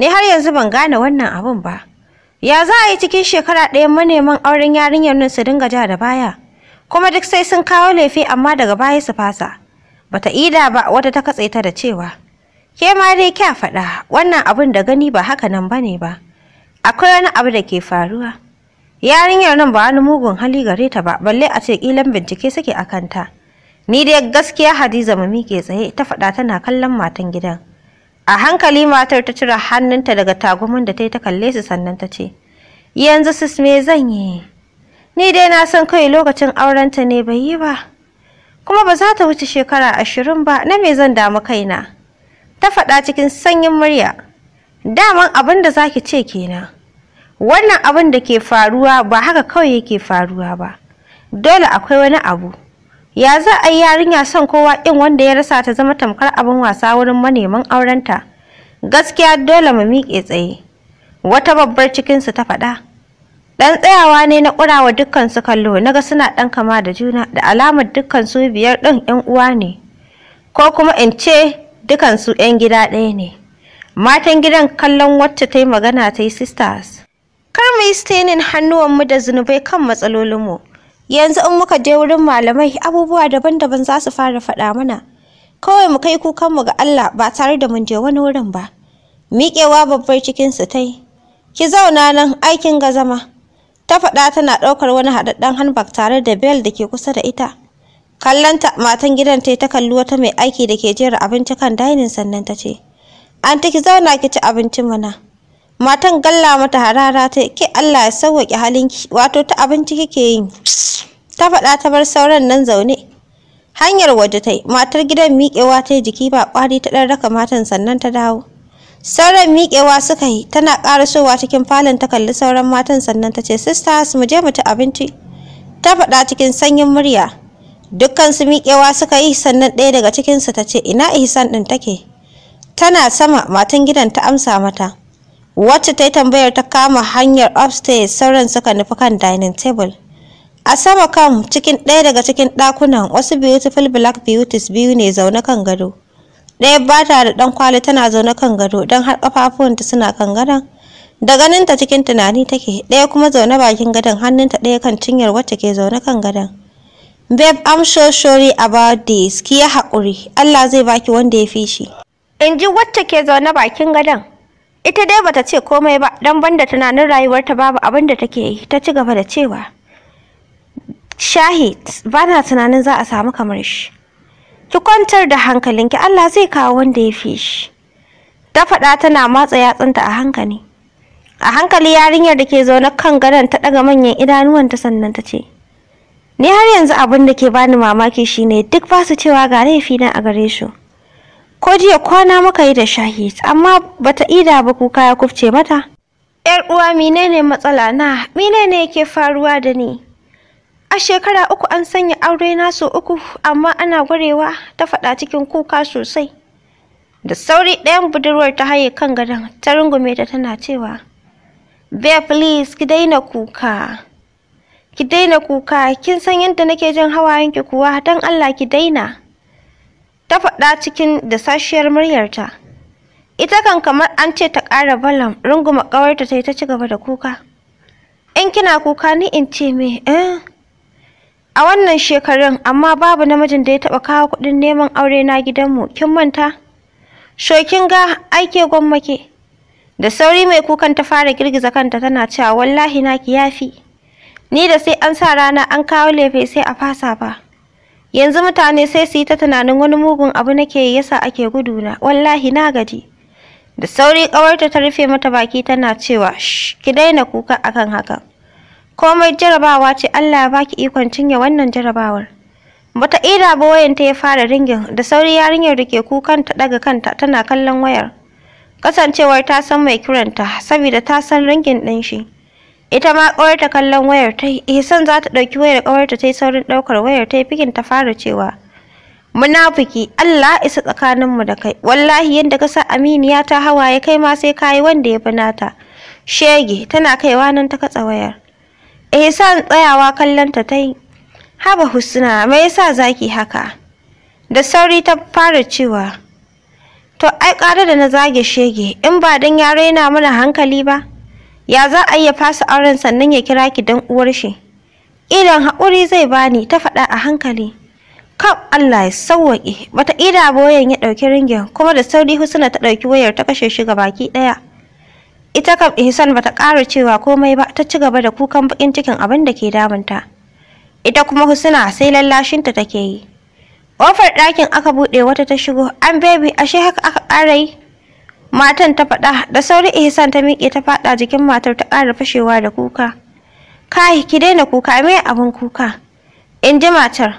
Ni har yanzu ban gane wannan abun ba. Ya za a yi cikin shekara ɗaya maneman auren yarinyar nan su dinga ja da baya? Kuma duk sai sun kawo laifi amma daga baya su fasa. Bata ida ba wata ta katse ta da cewa. Ke ma dai kya faɗa wannan abun da gani ba haka nan bane ba. Akwai wani abu da ke faruwa. Yarinyar nan ba wani mugun hali gare ta ba balle a ce kilan bincike suke a kanta. Ni dai gaskiya Hadiza mu miƙe tsaye ta faɗa tana kallon matan gidan. A hankali matar ta cire hannunta daga tagumin da ta yi ta kalle su sannan ta ce, Yanzu sis me zan yi? Ni dai na san kai lokacin aurenta ne bai yi ba. Kuma ba za ta wuce shekara ashirin ba na me zan damu kaina. Ta faɗa cikin sanyin murya. Daman abin da za ki ce kenan. Wannan abin da ke faruwa ba haka kawai yake faruwa ba. Dole akwai wani abu. ya za a yi yarinya son kowa In wanda ya rasa ta zama tamkar abin wasa wurin maneman aurenta gaskiya dole mu miƙe tsaye wata babbar cikinsu ta faɗa ɗan tsayawa ne na ƙurawa dukkan su kallo ga suna ɗan kama da juna da alamar dukkan biyar ɗin 'yan uwa ne ko kuma in ce dukkan su gida ɗaya ne matan gidan kallon wacce ta yi magana ta yi sisters kar mu yi stenin hannuwanmu da zunubai kan matsalolinmu yanzu in muka je wurin malamai abubuwa daban-daban za su fara faɗa mana kawai mu kai kukanmu ga Allah ba tare da mun je wani wurin ba miƙewa babbar cikin su tai ki zauna nan aikin ga zama ta faɗa tana ɗaukar wani haɗaɗɗen hanbak tare da bel da ke kusa da ita kallanta matan gidan ta ta kalli wata mai aiki da ke jera abinci kan dainin sannan ta ce an ki zauna ki ci abincin mana matan galla mata harara ta ke Allah ya sauwaƙe halinki wato ta abinci kike yi ta faɗa ta bar sauran nan zaune hanyar waje ta yi matar gidan miƙewa ta yi jiki ba ƙwari ta ɗan raka matan sannan ta dawo sauran miƙewa suka yi tana ƙarasowa cikin falon ta kalli sauran matan sannan ta ce sisters mu je mu ci abinci ta faɗa cikin sanyin murya dukkansu miƙewa suka yi sannan ɗaya daga cikinsu ta ce ina ihsan ɗin take tana sama matan gidan ta amsa mata wacce ta yi tambayar ta kama hanyar upstairs sauran suka nufi kan dining table a sama kan cikin ɗaya daga cikin ɗakunan wasu beautiful black beauties biyu ne zaune kan gado ɗaya ba ta da ɗan kwali tana zaune kan gado don har ƙafafuwanta suna kan gadon da ganinta cikin tunani take ɗaya kuma zaune bakin gadon hannunta ɗaya kan cinyar wacce ke zaune kan gadon babe i'm so sorry about this ki ya haƙuri allah zai baki wanda ya fi shi in ji wacce ke zaune bakin gadon Ita dai bata ce komai ba dan banda tunanin rayuwarta babu abin da take yi ta ci gaba da cewa Shahid ba tunanin za a samu kamar shi. Ki kwantar da hankalinki Allah zai kawo wanda ya fi shi. Ta faɗa tana matsa yatsunta a hankali. A hankali yarinyar da ke zaune kan gadon ta ɗaga manyan idanuwanta sannan ta ce, Ni har yanzu abin da ke bani mamaki shine duk ba su cewa ga laifi na a gare shi. ko jiya kwana muka yi da shahid amma bata ida ba kuka ya kufce mata yar uwa menene matsala na menene yake faruwa da ni a shekara uku an sanya aure na so uku amma ana gwarewa ta faɗa cikin kuka sosai da sauri ɗayan budurwar ta haye kan gadon ta rungume ta tana cewa Bear please ki daina kuka ki daina kuka kin san yadda nake jin hawayenki kuwa don Allah ki daina ta faɗa cikin da sashiyar muryarta ita kan kamar an ce ta ƙara balam runguma ƙawarta ta yi ta ci gaba da kuka in kina kuka ni in ce me eh a wannan shekarun amma babu namijin da ya taɓa kawo kuɗin neman aure na gidanmu kin manta shokin ga aike gwammake da sauri mai kukan ta fara girgiza kanta tana cewa wallahi na ki yafi ni da sai an sa rana an kawo lefe sai a fasa ba yanzu mutane sai su yi ta tunanin wani mugun abu nake yasa ake guduna wallahi na gaji da sauri kawarta ta rufe mata baki tana cewa ki daina kuka akan haka komai jarabawa ce Allah ya baki ikon cinye wannan jarabawar bata ida ba ta ya fara ringin da sauri yarinyar da ke kukan ta daga kanta tana kallon wayar kasancewar ta san mai kiranta saboda ta san ringin ɗin shi ita ma ta kallon wayar ta ihsan eh, za ta ɗauki wayar kawar ta yi saurin ɗaukar wayar ta fikin ta fara cewa munafiki Allah isa tsakaninmu da kai wallahi yadda ka sa aminiya ta hawa ya kai ma sai kayi wanda ya fi nata shege tana kaiwa nan ta katsa wayar ihsan eh, tsayawa kallon ta ta yi haba husna me yasa zaki haka da sauri ta fara cewa to ai ƙara da na zage shege in ba dan yare na mana hankali ba ya za a iya fasa auren sannan ya kira ki dan uwar shi idan haƙuri zai bani ta faɗa a hankali Kan Allah ya sauwaƙe bata ida boyen ya ɗauki ringin kuma da sauri Husna ta ɗauki wayar ta kashe shi baki ɗaya ita kam Ihsan bata ƙara cewa komai ba ta ci gaba da kukan bakin cikin abin da ke damunta ita kuma Husna sai lallashinta take yi Ƙofar ɗakin aka buɗe wata ta shigo, an bebi ashe haka aka ƙara yi. Matan ta faɗa da sauri Ihsan ta miƙe ta faɗa jikin matar ta ƙara fashewa da kuka. Kai ki daina kuka me abin kuka. In ji matar.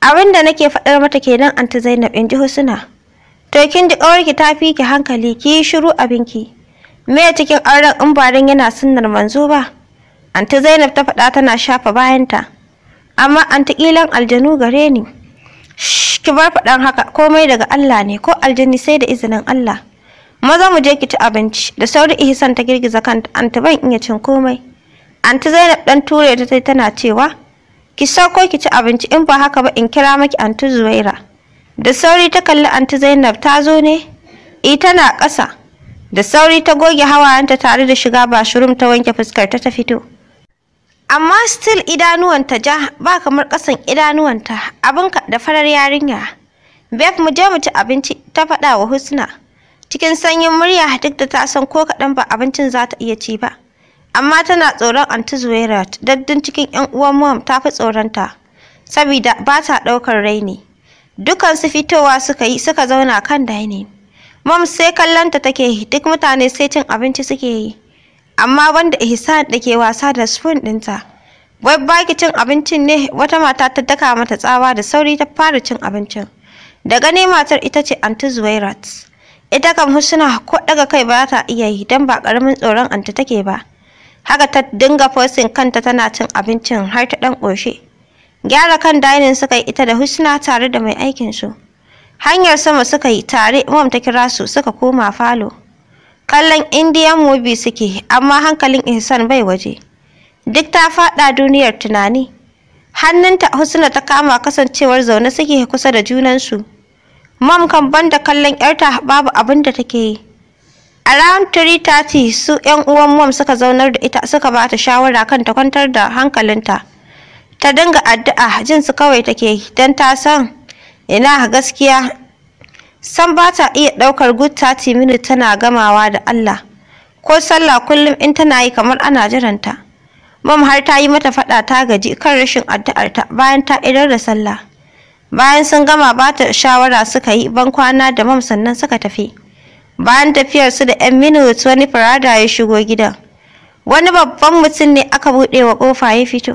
Abin da nake faɗar mata kenan Anta Zainab in ji Husna. To kin ji ƙawarki ta fi ki hankali ki yi shiru abinki. Me cikin auren in barin yana sunnar manzo ba? Anta Zainab ta faɗa tana shafa bayanta. Amma anta ƙilan aljanu gare ni. ki bar faɗan haka komai daga Allah ne ko aljani sai da izinin Allah. maza mu je ki ci abinci da sauri ihsan ta girgiza kanta anta ban iya cin komai anti zainab dan ture ta tai tana cewa ki sauko ki ci abinci in ba haka ba in kira maki anti zuwaira da sauri ta kalli anti zainab ta zo ne e tana ƙasa da sauri ta goge hawayenta tare da shiga bashirum ta wanke fuskar ta ta fito amma still idanuwanta ja ba kamar ƙasan idanuwanta abinka da farar yarinya Bef mu je mu ci abinci ta faɗa wa Husna. cikin sanyin murya duk da ta san ko kaɗan ba abincin za ta iya ci ba amma tana tsoron anti zuwairat daddun cikin yan uwan mom ta fi tsoronta saboda ba ta ɗaukar raini dukansu fitowa suka yi suka zauna kan daini mom sai kallonta take yi duk mutane sai cin abinci suke yi amma wanda ihsan dake wasa da spoon ɗinta wai baki cin abincin ne wata mata ta daka mata tsawa da sauri ta fara cin abincin daga ne matar ita ce anti ita kam Husna ko daga kai ba ta iya yi dan ba karamin tsoron anta take ba haka ta dinga fosin kanta tana cin abincin har ta dan koshe gyara kan dining suka yi ita da Husna tare da mai aikin su hanyar sama suka yi tare mom ta kira su suka koma falo kallon indian movie suke amma hankalin ihsan bai waje duk ta fada duniyar tunani hannunta husna ta kama kasancewar zaune suke kusa da junansu Mom kan banda kallon ‘yarta babu abin da take yi. Around 3:30 su ‘yan uwan mom suka zaunar da ita suka ba ta shawara kan ta kwantar da hankalinta. Ta dinga addu'a jin su kawai take don ta san ina gaskiya san ba ta iya ɗaukar good 30 minutes tana gamawa da Allah. Ko sallah kullum in tana yi kamar ana jiranta. Mom har ta yi mata faɗa ta gaji kan rashin addu'arta bayan ta idar da sallah. bayan sun gama ba ta shawara suka yi ban kwana da mam sannan suka tafi bayan tafiyar su da yan minutes wani farada ya shigo gidan wani babban mutum ne aka buɗe wa ƙofa ya fito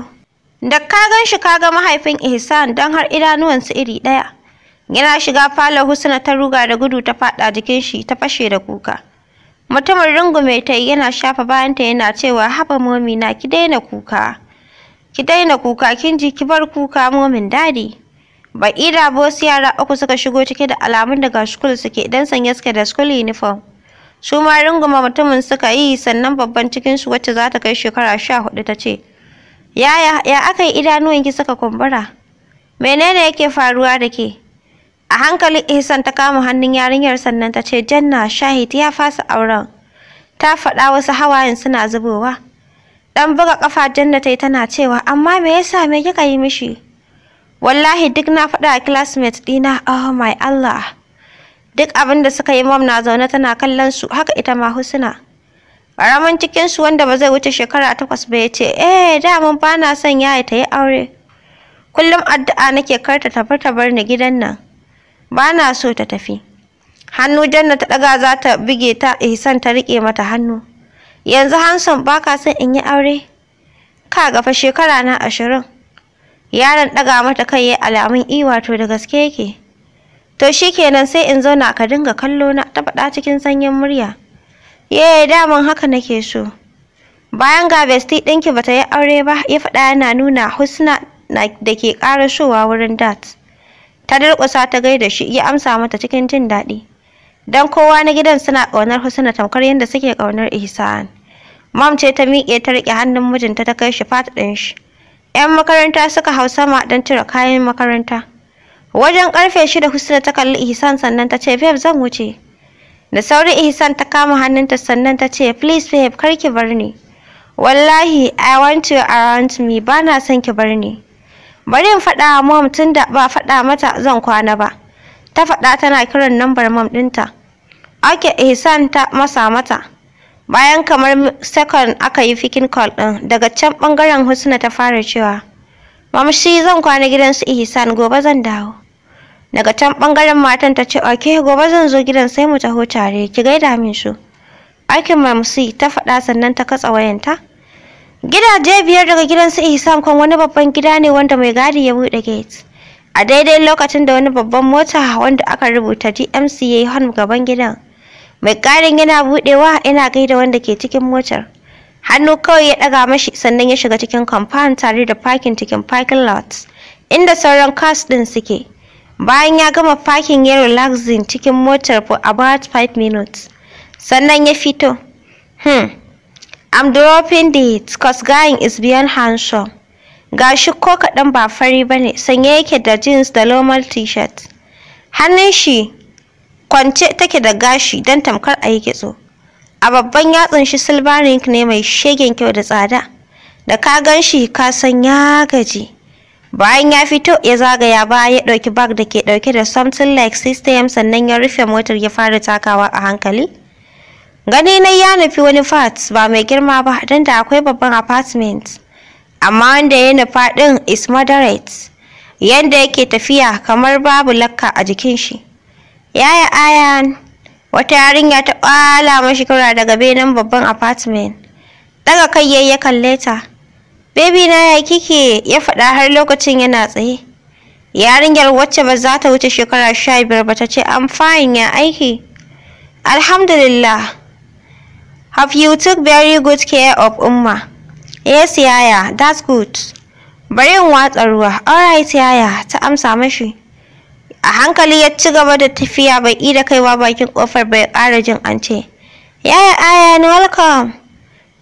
da ka gan shi ka ga mahaifin ihsan don har idanuwan su iri ɗaya yana shiga falon husna ta ruga da gudu ta faɗa jikin shi ta fashe da kuka mutumin rungume ta yi yana shafa bayanta yana cewa haba momi na ki daina kuka ki daina kuka kin ji ki bar kuka momin dadi Baƙi da wasu yara uku suka shigo cike da alamun daga shukul suke idan sanye suke da shukul uniform. Su ma runguma mutumin suka yi sannan babban cikinsu wacce za ta kai shekara sha hudu ta ce, Yaya, ya aka yi idanuwanki suka kumbura? Menene yake faruwa da ke? A hankali Ihsan ta kama hannun yarinyar sannan ta ce, Janna Shahid ya fasa auren. Ta faɗa wasu hawayen suna zubowa. Dan buga kafa Janna ta yi tana cewa, amma me yasa me kika yi mishi? wallahi duk na faɗa a classmate ɗina oh my Allah duk abin da suka yi mom na zaune tana kallon su haka ita ma husna ƙaramin cikin su wanda ba zai wuce shekara takwas ba ya ce eh da mun ba na son yaya ta yi aure kullum addu'a nake karta tafi ta bar ni gidan nan ba na so ta tafi hannu janna ta ɗaga za ta bige ta ihsan ta riƙe mata hannu yanzu hanson baka ka son in yi aure ka gafa shekara na ashirin Yaron ɗaga mata kai ya alamun i wato da gaske yake. To shi kenan sai in zauna ka dinga kallo na ta faɗa cikin sanyin murya. Ye daman haka nake so. Bayan ga besti ɗinki bata yi aure ba ya faɗa yana nuna husna da ke showa wurin dat. Ta durƙusa ta gaida shi ya amsa mata cikin jin daɗi. dan kowa na gidan suna ƙaunar husna tamkar yadda suke ƙaunar ihsan. Mam ce ta miƙe ta riƙe hannun mijinta ta kai shi fat ɗin shi. 'yan makaranta suka hau sama don cire kayan makaranta wajen karfe shida husna ta kalli ihsan sannan ta ce babe zan wuce da sauri ihsan ta kama hannunta sannan ta ce please babe kar ki bar ni wallahi i want you around me ba na son ki bar ni bari in faɗa wa mom tun da ba faɗa mata zan kwana ba ta faɗa tana kiran nambar mom ɗinta ake ihsan ta masa mata bayan kamar second aka yi fikin call ɗin daga can ɓangaren husna ta fara cewa mamshi zan kwana gidan su ihsan gobe zan dawo daga can ɓangaren matan ta ce ok gobe zan zo gidan sai mu taho tare ki gaida min su." aikin mamsi ta faɗa sannan ta katsa wayanta gidaje biyar daga gidan su ihsan kan wani babban gida ne wanda mai gadi ya buɗe gate a daidai lokacin da wani babban mota wanda aka rubuta dmc ya yi gaban gidan mai karin yana buɗewa yana gaida wanda ke cikin motar hannu kawai ya ɗaga mashi sannan ya shiga cikin compound tare da parking cikin parking lot inda sauran cars ɗin suke bayan ya gama parking ya relaxing cikin motar for about 5 minutes sannan ya fito hmm I'm dropping it cause guy is beyond handsome gashi ko kaɗan ba fari bane sanye yake da jeans da normal t-shirt hannun shi kwance take da gashi don tamkar a yi kitso a babban yatsun shi silver ne mai shegen kyau da tsada da ka gan shi ka san ya gaji bayan ya fito ya zagaya ba ya ɗauki bag da ke ɗauke da something like system sannan ya rufe motar ya fara takawa a hankali gani na ya nufi wani fat ba mai girma ba don da akwai babban apartment amma wanda ya nufa ɗin is moderate yanda yake tafiya kamar babu lakka a jikin shi Yaya Ayan, wata yarinya ta ƙwala mashi kura daga benen babban apartment. Daga kai yayi ya kalle ta. Baby na ya kike ya faɗa har lokacin yana tsaye. Yarinyar wacce ba za ta wuce shekara sha biyar ba ta ce I'm fine ya aiki. Alhamdulillah. Have you took very good care of Umma? Yes, yaya, that's good. Bari in watsa ruwa. Alright, yaya, ta amsa mashi. a hankali ya ci gaba da tafiya bai ida kaiwa bakin kofar bai ƙara jin an ce yaya ni welcome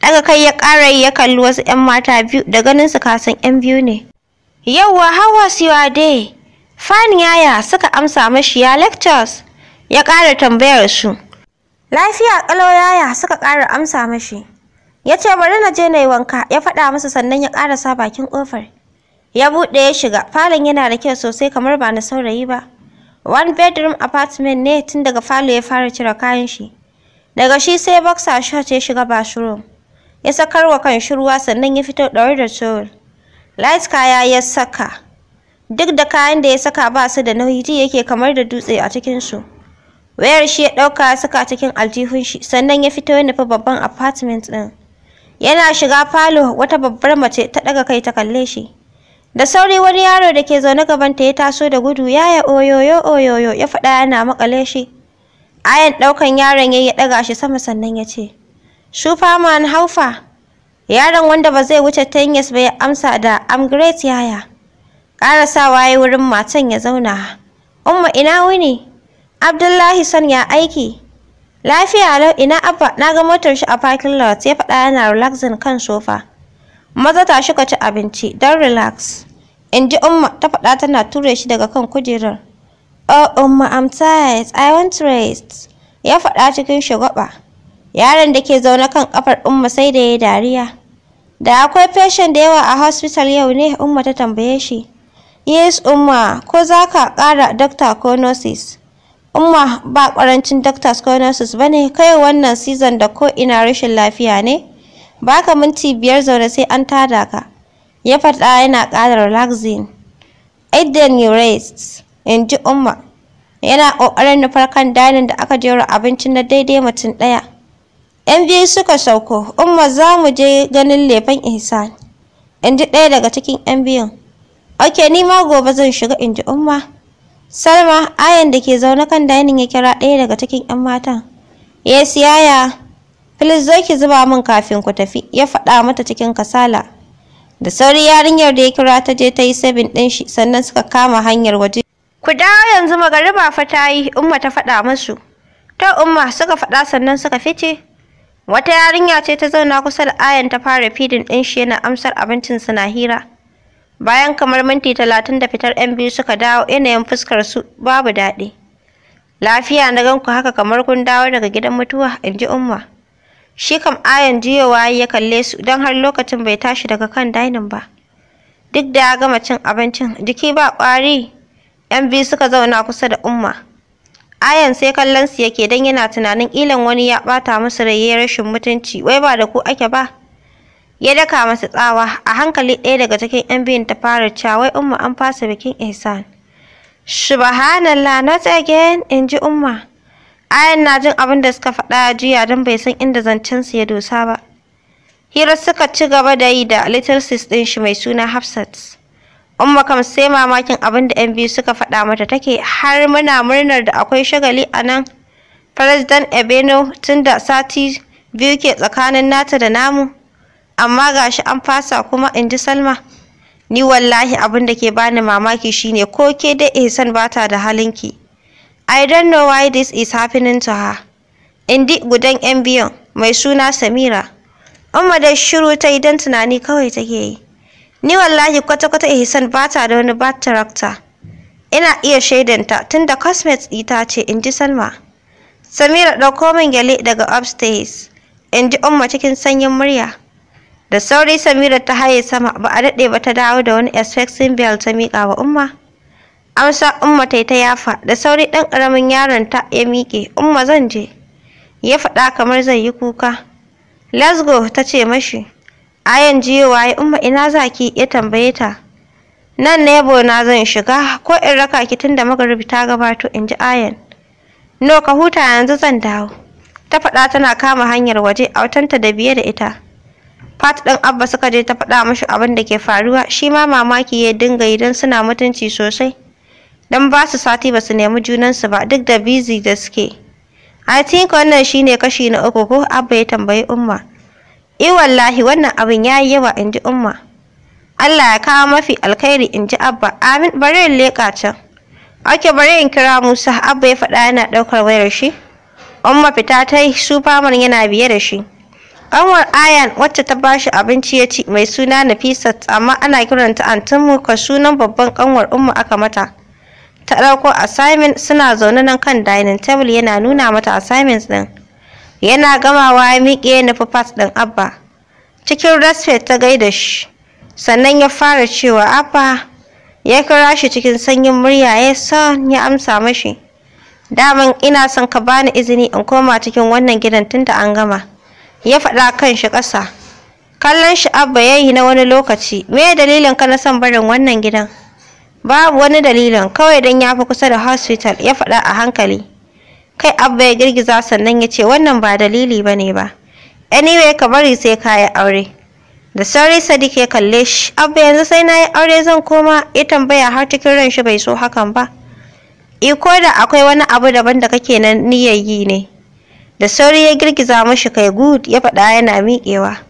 daga kai ya ƙara ya kalli wasu 'yan mata biyu da ganin su kasan 'yan biyu ne yauwa how was your day Fani yaya suka amsa mashi ya lectures ya ƙara tambayar su lafiya ƙalau yaya suka ƙara amsa mashi ya ce bari na je na yi wanka ya faɗa masa sannan ya sa bakin ƙofar ya buɗe ya shiga falon yana da kyau sosai kamar ba na saurayi ba one bedroom apartment ne tun daga falo ya fara cire kayan shi daga shi sai boxer shirt ya shiga bathroom ya sakar wa kan shi sannan ya fito ɗaure da towel light kaya ya saka duk da kayan da ya saka ba su da nauyi ji yake kamar da dutse a cikin su wayar shi ya ɗauka ya saka cikin aljihun shi sannan ya fito ya nufi babban apartment ɗin yana shiga falo wata babbar mace ta ɗaga kai ta kalle shi Da sauri wani yaro da ke zaune gabanta ya taso da gudu yaya oyoyo oyoyo ya faɗa yana makale shi. Ayan ɗaukan yaron ya ɗaga shi sama sannan ya ce, Superman? man haufa. Yaron wanda ba zai wuce years ba ya amsa da I'm great yaya. Ƙarasawa ya wurin matan ya zauna. Umma ina wuni? Abdullahi son ya aiki. Lafiya lau ina abba na ga motar shi a parking lot ya faɗa yana relaxing kan sofa. Maza tashi ka ci abinci don relax. in ji umma ta faɗa tana ture shi daga kan kujerar oh umma i'm tired i want rest ya faɗa cikin shagwaba yaron da ke zaune kan kafar umma sai da ya dariya da akwai fashion da yawa a hospital yau ne umma ta tambaye shi yes umma ko za ka ƙara doctor ko nurses umma ba ƙarancin doctors ko nurses ba ne kai wannan season da ko ina rashin lafiya ne baka minti biyar zaune sai an tada ka ya faɗa yana ƙara relaxing Aiden you rest in ji umma yana ƙoƙarin nufar kan danin da aka jera abincin na daidai mutum ɗaya yan biyu suka sauko umma za mu je ganin lefen ihsan in ji ɗaya daga cikin yan biyun ok ni ma gobe zan shiga in ji umma salma ayan da ke zaune kan danin ya kira ɗaya daga cikin yan matan yes yaya Filis zo ki zuba min kafin ku tafi, ya faɗa mata cikin kasala. da sauri yarinyar da ya kira ta je ta yi sabin ɗin shi sannan suka kama hanyar waje ku dawo yanzu magariba fa ta yi umma ta faɗa masu To umma suka faɗa sannan suka fice wata yarinya ce ta zauna kusa da ayan ta fara fidin ɗin shi yana amsar abincin na hira bayan kamar minti talatin da fitar yan biyu suka dawo yanayin fuskar su babu daɗi lafiya na ganku haka kamar kun dawo daga gidan mutuwa in ji umma Shi kam ayan juyowa ya kalle su don har lokacin bai tashi daga kan dainin ba. Duk da ya gama cin abincin, jiki ba ƙwari. ‘Yan biyu suka zauna kusa da Umma. Ayan sai kallon su yake don yana tunanin ilan wani ya ɓata musu rai rashin mutunci, wai ba da ku ake ba. ya daka masa tsawa a hankali ɗaya daga cikin yan biyun ta fara cewa wai umma an fasa bikin ihsan subhanallah not again in ji umma Ayan na jin abin da suka faɗa jiya don bai san inda zancen su ya dosa ba. Hira suka ci gaba da yi da Little Sis ɗin shi mai suna Hafsat. Umma kam sai mamakin abin da ‘yan biyu suka faɗa mata take har muna murnar da akwai shagali a nan. President Ebeno tun da sati biyu ke tsakanin nata da namu. Amma ga shi an fasa kuma in ji Salma. Ni wallahi abin da ke bani mamaki shine ko ke da Ihsan bata da halinki. I don't know why this is happening to her. Indi gudan ‘yan biyan mai suna Samira. Umma da shiru ta idan tunani kawai take yi. Ni wallahi kwata-kwata Ihsan ba ta da wani bad character. Ina iya shaidanta da cosmetics ita ce in ji Salma. Samira ɗauko min gyale daga upstairs. In ji Umma cikin sanyin murya. Da sauri Samira ta haye sama ba a daɗe ba ta dawo da wani expecting bell ta miƙa wa Umma. amsa umma tai ta yafa da sauri ɗan ƙaramin yaron ta ya miƙe umma zan je ya faɗa kamar zai yi kuka Lasgo go ta ce mashi ayan jiyowa ya umma ina za ki ya tambaye ta nan nebo na zan shiga ko in raka ki da magaribi ta gabato in ji ayan no ka huta yanzu zan dawo ta faɗa tana kama hanyar waje autanta da biye da ita Fat ɗin Abba suka je ta faɗa mashi abin da ke faruwa, shi ma mamaki ya dinga idan suna mutunci sosai. don ba su sati ba su nemi junansu ba duk da busy da suke i think wannan shine kashi na uku ko abba ya tambayi umma eh wallahi wannan abin yayi yawa inji umma allah ya kawo mafi alkhairi inji abba amin bari in leƙa can ake bari in kira musa abba ya faɗa yana ɗaukar wayar shi umma fita ta yi superman yana biye da shi Ƙanwar Ayan wacce ta bashi abinci ya ci mai suna Nafisat amma ana kiranta Antinmu ka sunan babban ƙanwar Umma aka mata. ta ɗauko assignment suna zaune nan kan dining table yana nuna mata assignments ɗin yana gamawa ya miƙe na fafas ɗin abba cikin respect ta gaida shi sannan ya fara cewa abba ya kira shi cikin sanyin murya ya son ya amsa mashi daman ina son ka bani izini in koma cikin wannan gidan tunda an gama ya faɗa kan shi ƙasa kallon shi abba ya yi na wani lokaci me dalilin ka na son barin wannan gidan babu wani dalilin kawai don ya fi kusa da hospital ya faɗa a hankali kai abba ya girgiza sannan ya ce wannan ba dalili ba ne ba anyway ka bari sai ka yi aure da sauri sadiq ya kalle shi abba yanzu sai na yi aure zan koma ya tambaya har cikin ran shi bai so hakan ba iko da akwai wani abu daban da kake nan niyyar yi ne da sauri ya girgiza mashi kai good ya faɗa yana miƙewa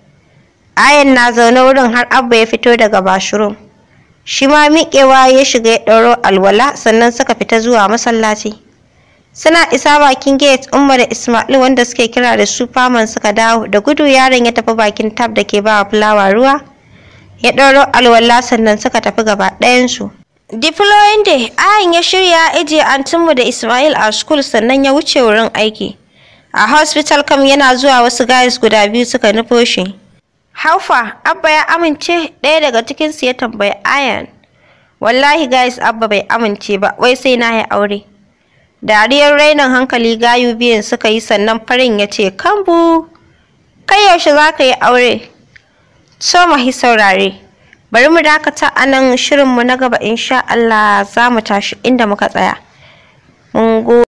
ayan na zaune wurin har abba ya fito daga bashroom shi ma miƙewa ya shiga ya ɗauro alwala sannan suka fita zuwa masallaci suna isa bakin gate umma da ismail wanda suke kira da superman suka dawo da gudu yaron ya tafi bakin tab da ke ba fulawa ruwa ya ɗauro alwala sannan suka tafi gaba ɗayansu deploying day ayin ya shirya ajiye antinmu da ismail a school sannan ya wuce wurin aiki a hospital kam yana zuwa wasu guys guda biyu suka nufo shi Haufa, Abba ya amince? Ɗaya daga cikinsu ya tambayi Ayan. Wallahi guys, Abba bai amince ba, wai sai na yi aure. Dariyar rainan hankali gayu biyan suka yi sannan farin ya ce, Kambu, kai yaushe za ka yi aure? So mahi saurare, bari mu dakata a nan shirinmu na gaba insha Allah za mu tashi inda muka tsaya. Mun